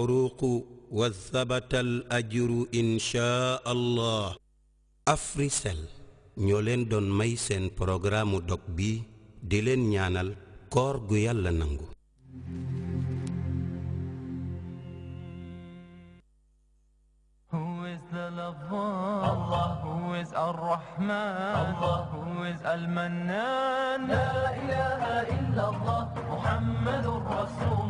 العروق وثبت الأجر إن شاء الله Africell ñoo leen doon may seen programme dog bi di leen ñaanal koor gu yàlla nangu Who is the lover? Allah. Who is Ar-Rahman? Allah. Who is Al-Mannan? La ilaha illa Allah. Muhammadur Rasul.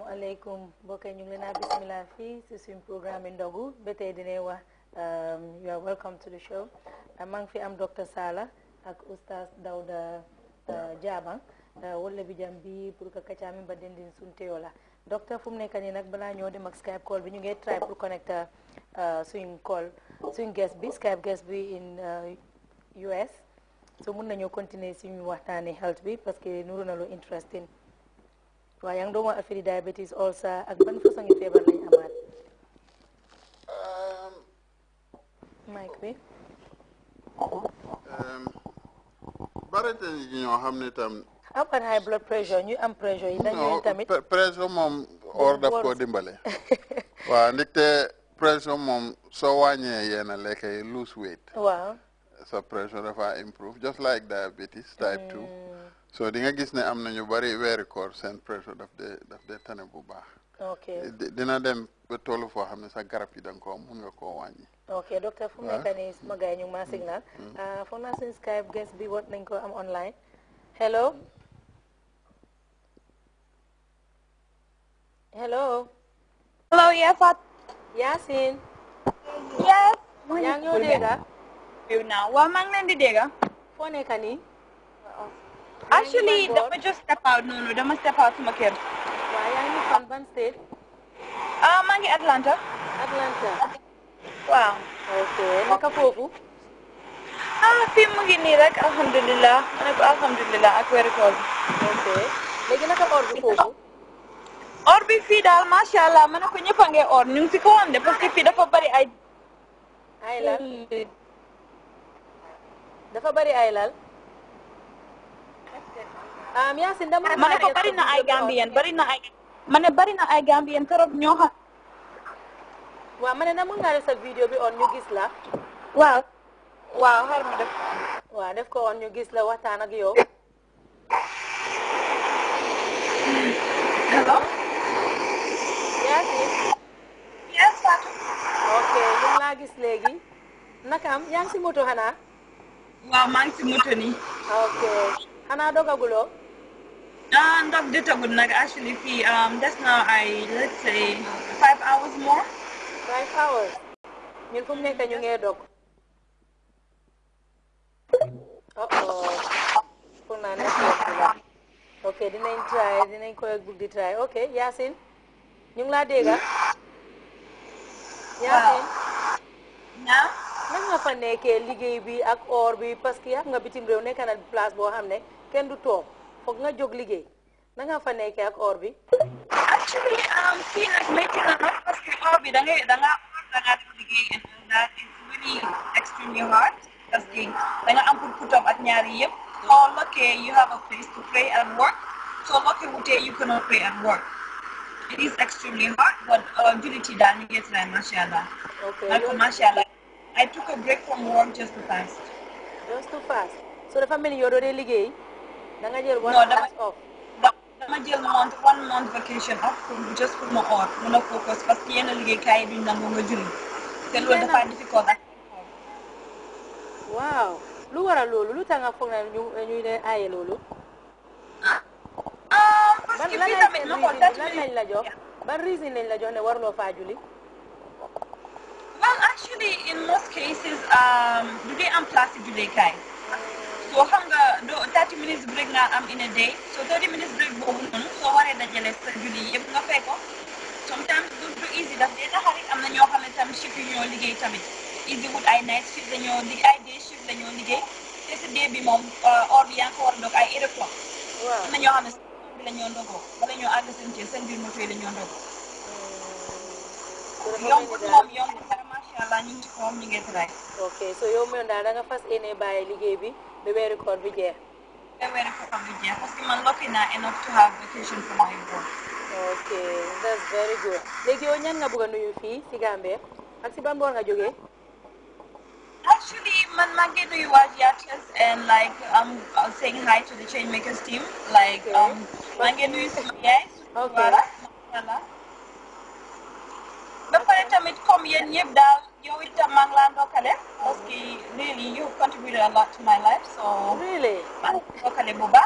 asalaamualeykum mbokk yi ñu ngi leen a fii si suñu programme ndogu ba tey dinañ wax um, you are welcome to the show uh, maa ngi fi am docteur Sala ak oustaz Dawda Jaabang uh, uh, wala bi jam bi pour que kacaami ba dendin suñu teew la docteur fu mu nekk nii nag balaa ñoo dem ak Skype call bi ñu ngi try pour connecter suñu call suñu guest bi Skype guest bi in US so mun nañoo continuer suñu waxtaanee health bi parce que nuru na lu interesting. waaye yaa ngi doon diabetes ulcer ak ban façon ngi feebar lañ amaat um, mic bi barete yi ñoo xam ne tam am high blood pressure ñu am pressure yi dañuy tamit pressure mom or daf koo dimbale waaw ndigte pressure mom soo wàññee yena lekay lose weight waaw sa pressure dafa uh, improve just like diabetes type 2 mm. so di nga gis ne am nañu bari weeri koor seen pressure daf dee daf dee tane bu baax. ok dina dem ba tollu foo xam ne sax garab yi da nga koo mun nga koo wàññi. ok docteur fu mu ah. nekk nii suma gars yi ñu ngi maa signal. Mm. Mm. Ah, foog naa seen skype guest bi wat nañ ko am online hello. hello. hello fat. Yasin. yes. yaa ngi ñoo dégg. waaw maa ngi leen di dégg. foo nekk nii. Actually, dama just step out. No, no, dama step out sama kids. Why are you from ban state? Ah, uh, maa ngi Atlanta. Atlanta. Wow. Ok, Maka povo. ah fii mu ngi nii rek alhamdulilah ma ne ko alhamdulilah ak weeru koor bi. ok léegi naka or bi or bi fii daal macha allah ma ne or Nung si ko de parce que dafa bari ay. ay lal dafa bari ay lal. Um, yes, hindi mo Mane ko bari na ay Gambian, bari na ay Mane bari na ay Gambian torop ñoo xam Waaw mane na mën nga sa vidéo bi on ñu gis la Waaw Waaw xar ma def Waaw def ko on ñu gis la waxtaan ak yow Hello Yes Yes Fatou Okay ñu la gis léegi Nakam yang ngi si moto xanaa Waaw maa ngi si moto nii Okay xanaa dogaguloo Um, Dr. Dutta would like actually fee, um, just now I, let's say, five hours more. Five hours? Ñun fu mu nekk ñu ngee dog. Oh oh. Pour naa network bi la. Ok, dinañ try, dinañ koy bugg di try. Ok, Yacine. Ñu ngi laa dégga. Yacine. Naa. Nan nga fa nekkee liggéey bi ak or bi parce que xam nga bitim réew nekk na place boo xam ne kenn du foog nga jóg liggéey na nga fa nekkee ak or bi. actually um, fii nag métti na nag parce que or bi da ngay da ngaa da ngaa def liggéey that is really extremely hard parce que da nga am pour putam ak ñaari yëpp. or lucky you have a place to play and work so lucky wutee you cannot play and work. it is extremely hard but uh, jullit yi daal ñu ngi try macha allah. ok loolu macha allah. I took a break from work just to fast. just to fast so dafa mel ni yow doo dee liggéey. da nga jël one month off. dama jël month one month vacation off pour just pour ma or mun a focus parce que yenn liggéeykaay yi duñ nangu nga julli te loolu dafa difficult ak waaw lu waral loolu lu tax nga foog na ñu ñu ne aaye loolu. ah, ah parce que fii tamit ma ko lan lañ la jox ban reason lañ la jox ne warloo faa julli. well actually in most cases um, du dee am place si julleekaay. boo xam nga doo 30 minutes break naa am in a day so 30 minutes break boobu noonu soo waree dajale sa julli yëpp nga fay ko sometimes du du easy daf dee taxarit am na ñoo xam ne tam shift yi ñoo liggéey tamit easy wut ay night shift dañoo liggéey te si day bi moom uh, or yaa ngi war a dog ay heure quoi na ñoo xam ne seen bi la ñoo ñoo àgg seen cër seen biir moto yi la ñoo ndogoo hmm. daal da fas yéene bàyyi liggéey bi Roberto called Vijay. from because I'm lucky enough to have vacation from my work. Okay, that's very good. Legi onyan nga bugan nuyu fi si Gambia. Ak si bambor nga joge? Actually, man magi nuyu Ajiatis and like I'm um, uh, saying hi to the Chainmakers team. Like okay. um magi nuyu si Mayais. Okay. Wala. Wala. Ba pare tamit comme yeen ñep daal you're with Mangla Ndokale because really you've contributed a lot to my life. So really, Mangla Ndokale Buba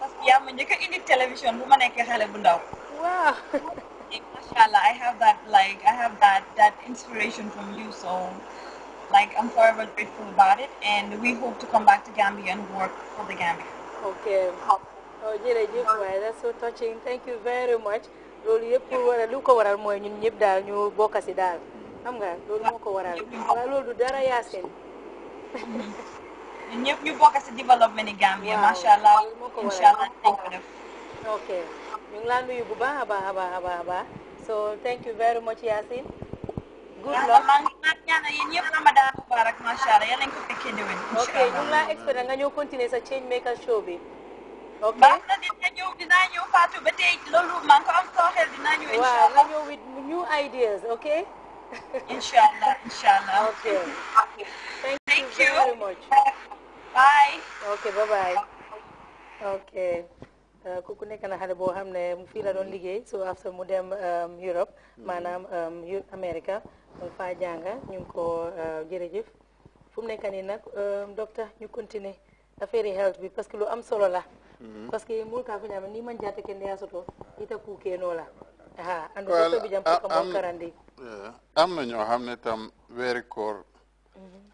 because yeah, I'm in television. Woman, I can't Wow. Eh, mashallah, I have that like I have that that inspiration from you. So like I'm forever grateful about it, and we hope to come back to Gambia and work for the Gambia. Okay. Oh, jërëjëf waay that's so touching thank you very much loolu yëpp war a lu ko waral mooy ñun ñëpp daal ñu bokk si xam nga loolu moo ko waral waaye loolu du dara yaasin ñun ñëpp ñu bokk si développement ni Gambie allah incha allah dañ ko def ok ñu ngi laa nuyu bu baax a so thank you very much yaasin good luck maa ngi naan ñaanal yéen ñëpp ramadan mubarak macha sa change Inshallah, inshallah. Okay. okay. Thank, Thank you, very much. Bye. Okay, bye-bye. Okay. Uh, kooku nekk na xale boo xam ne fii la doon mm-hmm. liggéey so after mu dem um, Europe mm-hmm. maanaam um, America mu faa jànga ñu ngi ko uh, jërëjëf fu mu nekk nii nag um, docteur ñu continuer affaire yi health bi parce que lu am solo la mm-hmm. parce que mu ka fu ñaame ni man jaate kenn yaa soto ita kuukee noo la aha and soto bi jam uh, ko karandi am na ñoo xam ne tam weeri koor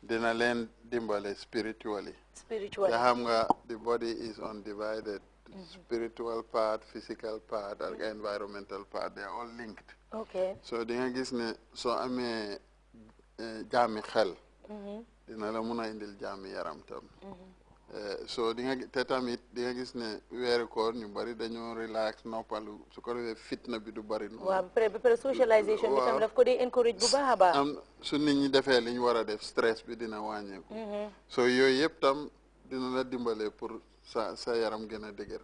dina leen dimbale spiritually spiritually nga xam nga the body is undivided mm-hmm. spiritual part physical part mm-hmm. environmental part they are all linked okay so di nga gis ne soo amee jaami xel dina la mun a eh, mm-hmm. indil jaami yaram tam Eh, so di nga te tamit di nga gis ne weeru koor ñu bari dañoo relax noppalu su ko defee fitna bi du bari. waaw ba pare ba socialisation bi tam daf ko dee encourage bu baax a baax. am su nit ñi defee li ñu war a def stress bi dina wàññeeku. Mm-hmm. so yooyu yëpp tam dina la dimbale pour sa sa yaram gën a dëgër.